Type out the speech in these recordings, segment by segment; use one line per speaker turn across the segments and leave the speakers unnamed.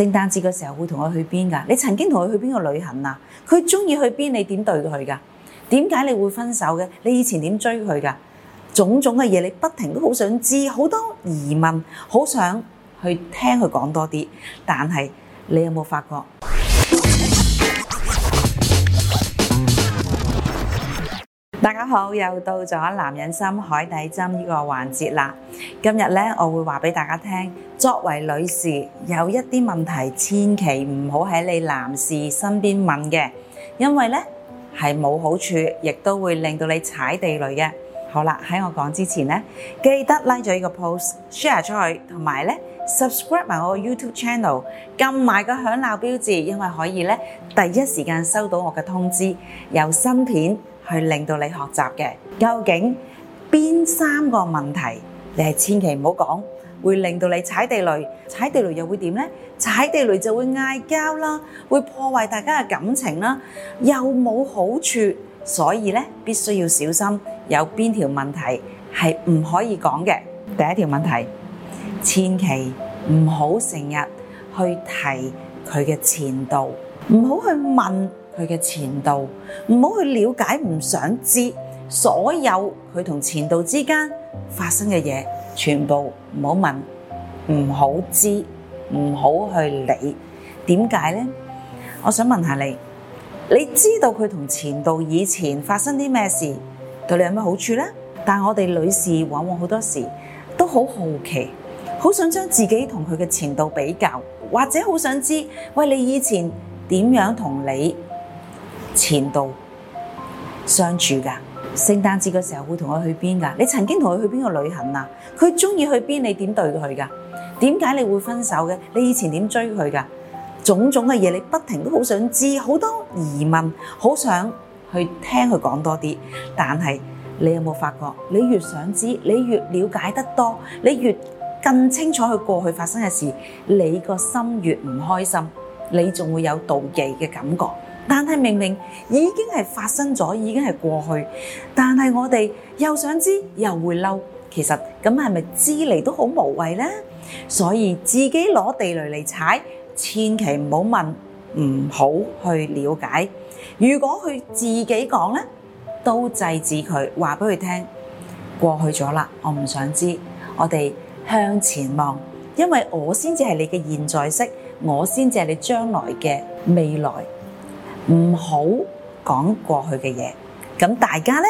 聖誕節嘅時候會同佢去邊㗎？你曾經同佢去邊個旅行啊？佢中意去邊？你點對佢㗎？點解你會分手嘅？你以前點追佢㗎？種種嘅嘢你不停都好想知，好多疑問，好想去聽佢講多啲，但係你有冇發覺？大家好，又到咗男人心海底針呢個環節啦。今日呢我會話俾大家聽，作為女士有一啲問題千祈唔好喺你男士身邊問嘅，因為呢係冇好處，亦都會令到你踩地雷嘅。好啦，喺我講之前呢記得 like 咗呢個 post share 出去同埋呢 Subscribe 埋我 YouTube channel，撳埋個響鬧標誌，因為可以咧第一時間收到我嘅通知，有新片去令到你學習嘅。究竟邊三個問題你係千祈唔好講，會令到你踩地雷，踩地雷又會點咧？踩地雷就會嗌交啦，會破壞大家嘅感情啦，又冇好處，所以咧必須要小心。有邊條問題係唔可以講嘅？第一條問題，千祈。唔好成日去提佢嘅前度，唔好去問佢嘅前度，唔好去了解，唔想知所有佢同前度之間發生嘅嘢，全部唔好問，唔好知，唔好去理。點解咧？我想問下你，你知道佢同前度以前發生啲咩事，對你有咩好處咧？但係我哋女士往往好多時都好好奇。好想將自己同佢嘅前度比較，或者好想知，喂，你以前點樣同你前度相處噶？聖誕節嘅時候會同佢去邊噶？你曾經同佢去邊個旅行啊？佢中意去邊？你點對佢噶？點解你會分手嘅？你以前點追佢噶？種種嘅嘢，你不停都好想知，好多疑問，好想去聽佢講多啲。但係你有冇發覺？你越想知，你越了解得多，你越更清楚佢過去發生嘅事，你個心越唔開心，你仲會有妒忌嘅感覺。但係明明已經係發生咗，已經係過去，但係我哋又想知，又會嬲。其實咁係咪知嚟都好無謂呢？所以自己攞地雷嚟踩，千祈唔好問，唔好去了解。如果佢自己講呢，都制止佢，話俾佢聽，過去咗啦，我唔想知，我哋。向前望，因為我先至係你嘅現在式，我先至係你將來嘅未來。唔好講過去嘅嘢，咁大家呢，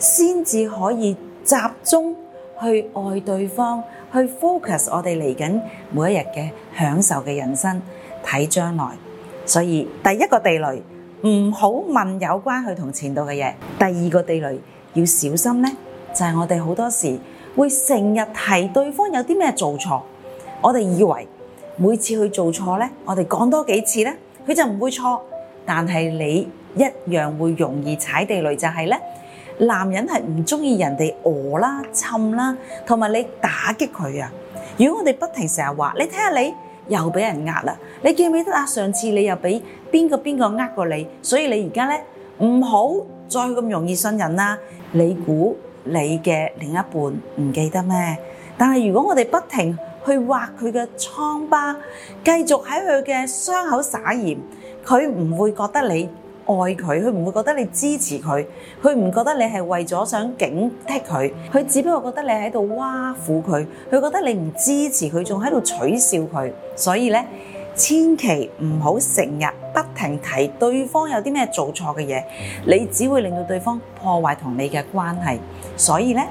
先至可以集中去愛對方，去 focus 我哋嚟緊每一日嘅享受嘅人生，睇將來。所以第一個地雷，唔好問有關佢同前度嘅嘢。第二個地雷要小心呢，就係我哋好多時。會成日提對方有啲咩做錯，我哋以為每次佢做錯咧，我哋講多幾次咧，佢就唔會錯。但係你一樣會容易踩地雷，就係咧，男人係唔中意人哋訛啦、氹啦，同埋你打擊佢啊。如果我哋不停成日話，你睇下你又俾人呃啦，你記唔記得啊？上次你又俾邊個邊個呃過你，所以你而家咧唔好再咁容易信任啦。你估？你嘅另一半唔記得咩？但係如果我哋不停去挖佢嘅瘡疤，繼續喺佢嘅傷口撒鹽，佢唔會覺得你愛佢，佢唔會覺得你支持佢，佢唔覺得你係為咗想警惕佢，佢只不過覺得你喺度挖苦佢，佢覺得你唔支持佢，仲喺度取笑佢，所以呢。千祈唔好成日不停提對方有啲咩做錯嘅嘢，你只會令到對方破壞同你嘅關係，所以咧，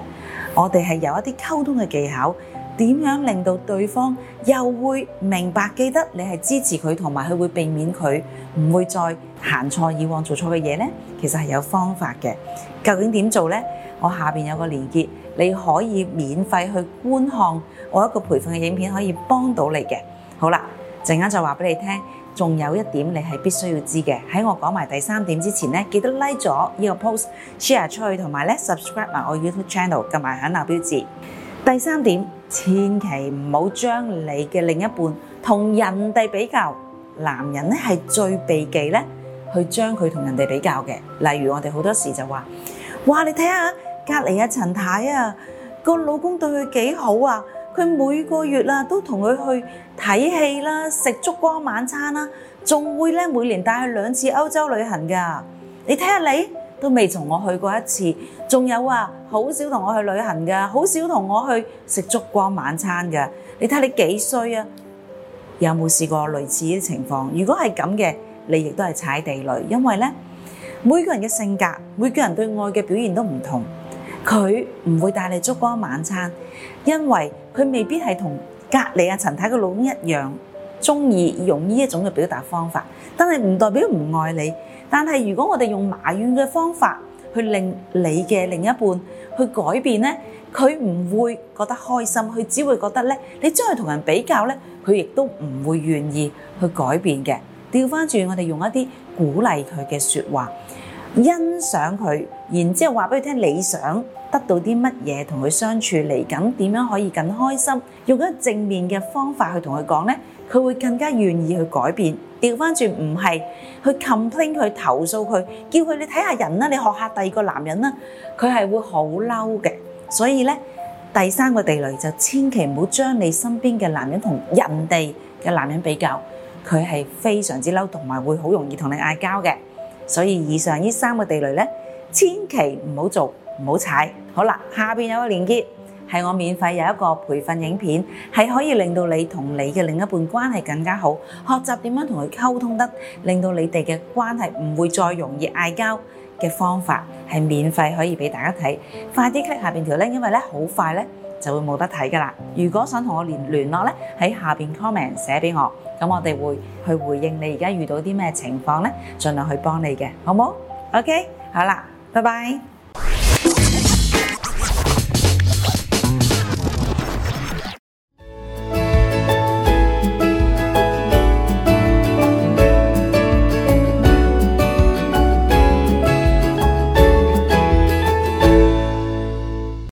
我哋係有一啲溝通嘅技巧，點樣令到對方又會明白記得你係支持佢，同埋佢會避免佢唔會再行錯以往做錯嘅嘢咧？其實，係有方法嘅。究竟點做咧？我下邊有個連結，你可以免費去觀看我一個培訓嘅影片，可以幫到你嘅。好啦。陣間就話俾你聽，仲有一點你係必須要知嘅。喺我講埋第三點之前咧，記得 like 咗呢個 post、share 出去，同埋咧 subscribe 埋我 YouTube channel，撳埋響鬧標誌。第三點，千祈唔好將你嘅另一半同人哋比較。男人咧係最避忌咧，去將佢同人哋比較嘅。例如我哋好多時就話，哇，你睇下隔離阿陳太啊，個老公對佢幾好啊，佢每個月啦都同佢去，睇戲啦，食燭光晚餐啦，仲會咧每年帶去兩次歐洲旅行噶。你睇下你都未同我去過一次，仲有啊，好少同我去旅行噶，好少同我去食燭光晚餐噶。你睇下你幾衰啊。有冇試過類似嘅情況？如果係咁嘅，你亦都係踩地雷，因為呢，每個人嘅性格，每個人對愛嘅表現都唔同，佢唔會帶你燭光晚餐，因為佢未必係同。隔離啊，陳太嘅老公一樣中意用呢一種嘅表達方法，但係唔代表唔愛你。但係如果我哋用埋怨嘅方法去令你嘅另一半去改變呢，佢唔會覺得開心，佢只會覺得呢，你將佢同人比較呢，佢亦都唔會願意去改變嘅。調翻轉，我哋用一啲鼓勵佢嘅説話。欣賞佢，然之後話俾佢聽，你想得到啲乜嘢，同佢相處嚟緊點樣可以更開心，用一正面嘅方法去同佢講咧，佢會更加願意去改變。調翻轉唔係去 complain 佢投訴佢，叫佢你睇下人啦，你學下第二個男人啦，佢係會好嬲嘅。所以咧，第三個地雷就千祈唔好將你身邊嘅男人同人哋嘅男人比較，佢係非常之嬲，同埋會好容易同你嗌交嘅。所以以上呢三個地雷咧，千祈唔好做，唔好踩。好啦，下邊有個連結，係我免費有一個培訓影片，係可以令到你同你嘅另一半關係更加好，學習點樣同佢溝通得，令到你哋嘅關係唔會再容易嗌交嘅方法，係免費可以俾大家睇。快啲 click 下邊條 link 因為咧好快咧。就會冇得睇㗎喇。如果想同我聯聯絡呢，喺下面 comment 寫俾我，咁我哋會去回應你而家遇到啲咩情況呢，盡量去幫你嘅，好唔好？OK，好啦，拜拜。